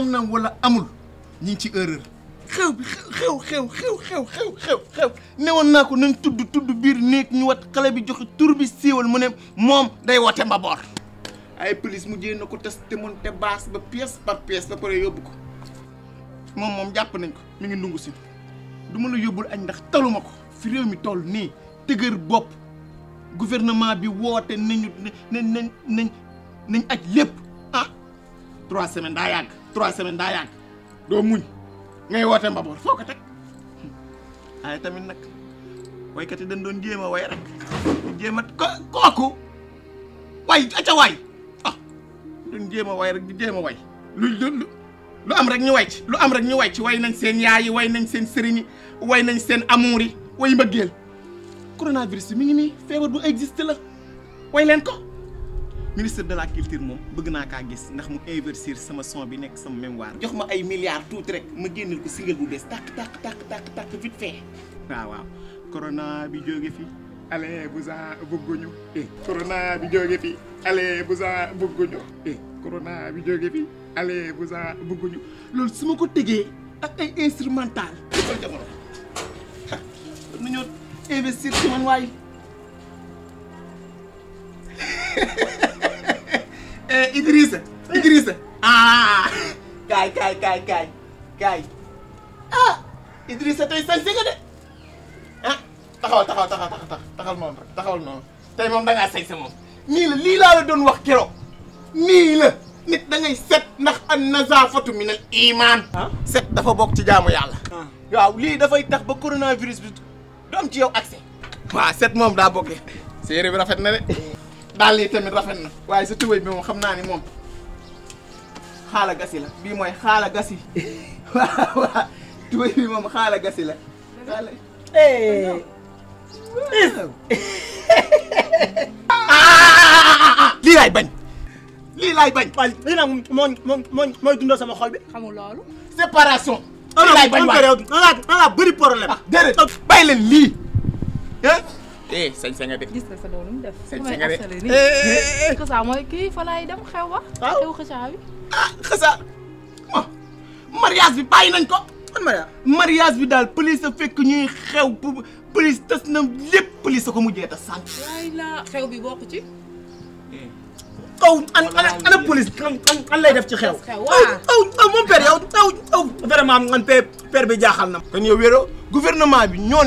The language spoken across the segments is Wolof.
am na wala amul ñu ngi ci erreur xew bi xew xew xew xew xew xew xew newoon naa ko nañ tudd tudd biir néeg ñu wat xale bi joxe tur bi siiwal ne moom day woote mbaboor ay police mu jéem na ko te testé te baas ba pièce par pièce ba pare yóbbu ko moom moom jàpp nañ ko mi ngi ndungu si du ma la yóbbul añ ndax taluma ko fi réew mi toll nii tëgër bopp gouvernement bi woote nañu nañ nañ nañ nañ aj lépp ah trois semaines daa yàgg trois semaine daa yàgg doo muñ ngay woote mbaboor foo ko teg waaye tamit nag waykat yi dañ doon jéem a way rek jéem a ko kooku way ah, jéem a way rek di jéem a way lu lu am rek ñu way ci lu am rek ñu way ci way nañ seen yaay yi way nañ seen sëriñ yi way nañ seen amuur yi way mbëggeel coronavirus bi mi ngi nii feebar bu existe la way leen ko ministre de la culture moom bëgg naa kaa gis ndax mu investir sama son bi nekk sama mémoire jox ma ay milliards tuuti rek ma génneel ko single bu bees tàkk tàkk tàkk tàkk tàkk vite waaw waaw corona bi jóge fi ale bu sa bëgguñu eh corona bi jóge fi ale bu sa bëgguñu loolu su ma ko tegee ak ay instrumental ko jamono nu ñoo investir ci man waay Idrissa eh, Idrissa ah kaay kaay kaay kaay kaay ah Idrissa tey sañ si nga de ah taxawal taxawal taxawal taxawal moom rek taxawal noonu tey moom da ngaa sañ sa moom nii la lii laa la doon wax keroog nii la nit da ngay set ndax an nazaafatu min al iman ah? set dafa bokk ci jaamu yàlla ah. waaw lii dafay tax ba coronavirus bi du am ci yow accès waaw set moom daa bokkee séeréer bi rafet na de dàll yi tamit rafet na waaye sa tubéy bi moom xam naa ni moom xaala gasi la bii mooy xaala gasi waaw waaw tubéy bi moom xaala gasi la xaala eh. lii laay bañ lii laay bañ waaye lii nag moom moom mooy dundal sama xol bi xamul loolu séparation ah lii laay bañ waay on a bëri problème ah, déedéet ah. bàyyi leen lii eh? eh sañ-sañ a de. gis nga sa loolu mu def. sañ-sañ a de sa. may asale nii. xasaa mooy kii fa laay dem xew wa. waaw xew xasaa bi. ah xasaa ma mariage bi bàyyi nañ ko. mariage bi daal police a fekk ñuy xew bu police tas na lépp police a ko mujjee tas sànq. waay la xew bi bokk ci. aw an é police an lay def ci xew. xew aw aw père yow aw aw vraiment man père père bi jaaxal na. kon yow wéro gouvernement bi ñoo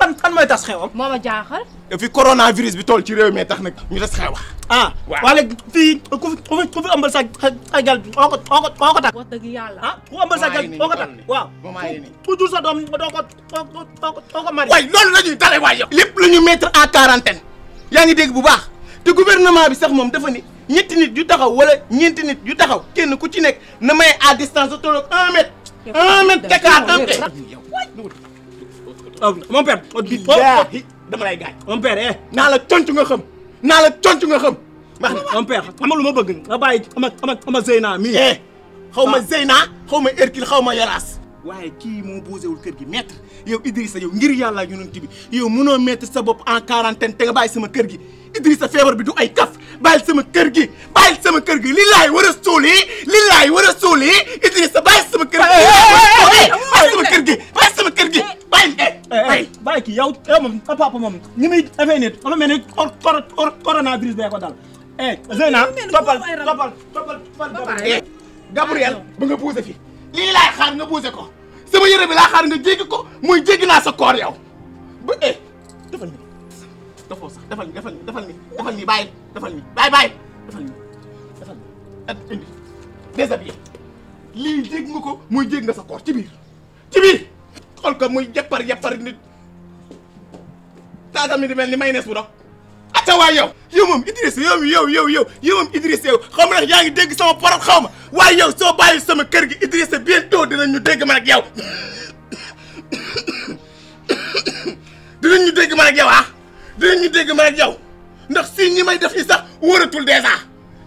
kan kan mooy tas xewam. moo ma jaaxal. fi coronavirus bi tol ci rew mi tax nak ñu tas xew. wax ah waaw léegi fii ku fi ku fi ëmbal sa sa gal doo ko doo ko ko takk. wax dëgg yalla ah ku ëmbal sa gal doo ko takk waaw. ku jur sa doom doo ko doo ko doo ko mari. waay loolu lañuy dalé dalee waay yow. lépp lu ñu mettre en quarantaine ya ngi dégg bu baax te gouvernement bi sax mom dafa ni ñetti nit yu taxaw wala ñeenti nit yu taxaw kenn ku ci nek na may à distance de tolloog un mètre. 1 mètre d'écart un mètre. Oh, mon père. Oh, oh, dama lay gaañ. mon père eh. naa la conc nga xam. naa la conc nga xam. wax na mon père xam nga lu ma bëgg nga bàyyi ama ama ama Zeyna mii. Eh, xaw ma ah. Zeyna xaw ma Hercule xaw ma Yoraas. waaye kii moo boosewul kër gi maître yow Idrissa yow ngir yàlla yonent bi yow mënoo mettre sa bopp en quarantaine te nga bàyyi sama kër gi Idrissa feebar bi du ay kaf bàyyil sama kër gi bàyyil sama kër gi li laay war a suul yi li laay war a suul yi Idrissa yow moom sa ah, papa moom ni muy defee nit dafa mel ni coronavirus bee ko dal. eh Zeyna toppal toppal toppal eh, Gabriel. Gabriel ba nga buuse fi lii laay xaar nga buuse ko sama yére bi a xaar nga jéggi ko muy jéggi naa sa koor yow ba eh defal nii dafoo sax defal nii defal ni defal nii defal nii bàyyi defal nii bàyyi bàyyi defal nii lii jéggi nga ko muy jéggi nga sa koor ci biir ci biir xool ko muy yappar yappar nit. taasam ni di mel ni maynees bu dox acca waay yow yow moom Idrissa yow yow yow yow yow moom Idrissa yow xaw ma nag yaa ngi dégg sama porot xaw ma waaye yow soo bàyyi sama kër gi Idrissa bientôt dinañ ñu dégg dinañ ñu dégg man ak yow ah ñu dégg man ak yow ndax si ñi may def yi sax wóoratul déjà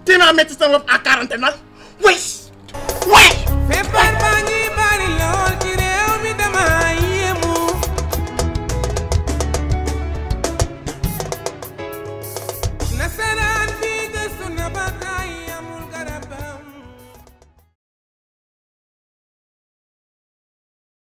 te naa metti sama bopp à quarantaine nag way way